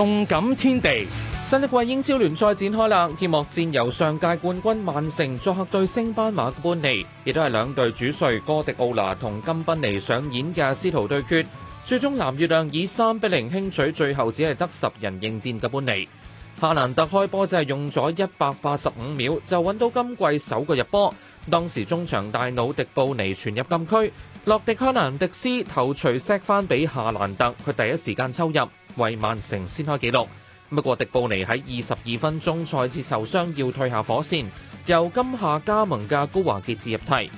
動感天地，新一季英超聯賽展開啦！揭幕戰由上屆冠軍曼城作客對升班馬般尼，亦都係兩隊主帥哥迪奧拿同金賓尼上演嘅師徒對決。最終藍月亮以三比零輕取，最後只係得十人應戰嘅般尼。夏蘭特開波只係用咗一百八十五秒就揾到今季首個入波，當時中場大腦迪布尼傳入禁區，洛迪哈蘭迪斯頭錘射翻俾夏蘭特，佢第一時間抽入。為曼城先開紀錄，不過迪布尼喺二十二分鐘賽次受傷要退下火線，由今夏加盟嘅高華杰入替。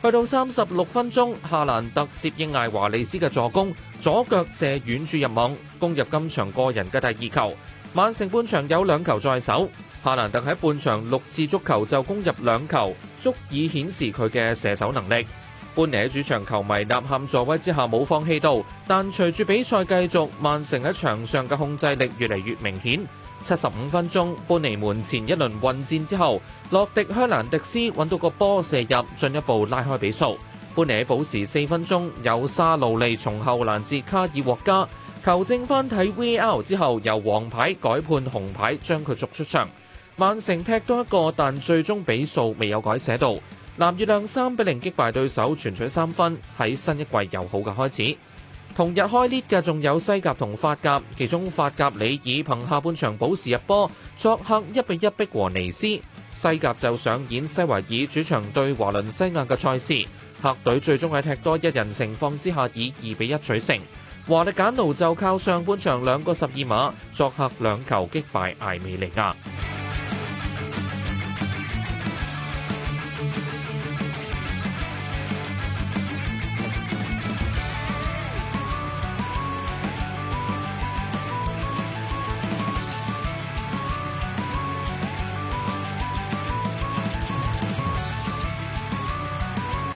去到三十六分鐘，夏蘭特接應艾華利斯嘅助攻，左腳射遠柱入網，攻入今場個人嘅第二球。曼城半場有兩球在手，夏蘭特喺半場六次足球就攻入兩球，足以顯示佢嘅射手能力。般尼喺主場球迷吶喊助威之下冇放棄到，但隨住比賽繼續，曼城喺場上嘅控制力越嚟越明顯。七十五分鐘，般尼門前一輪混戰之後，洛迪克蘭迪斯揾到個波射入，進一步拉開比數。般尼喺補時四分鐘，由沙路利從後攔截卡爾獲加，球證翻睇 VAR 之後，由黃牌改判紅牌，將佢逐出場。曼城踢多一個，但最終比數未有改寫到。藍月亮三比零擊敗對手，全取三分，喺新一季有好嘅開始。同日開列嘅仲有西甲同法甲，其中法甲里爾憑下半場補時入波，作客一比一逼和尼斯。西甲就上演西維爾主場對華倫西亞嘅賽事，客隊最終喺踢多一人情況之下以二比一取勝。華力簡奴就靠上半場兩個十二碼，作客兩球擊敗艾美利亞。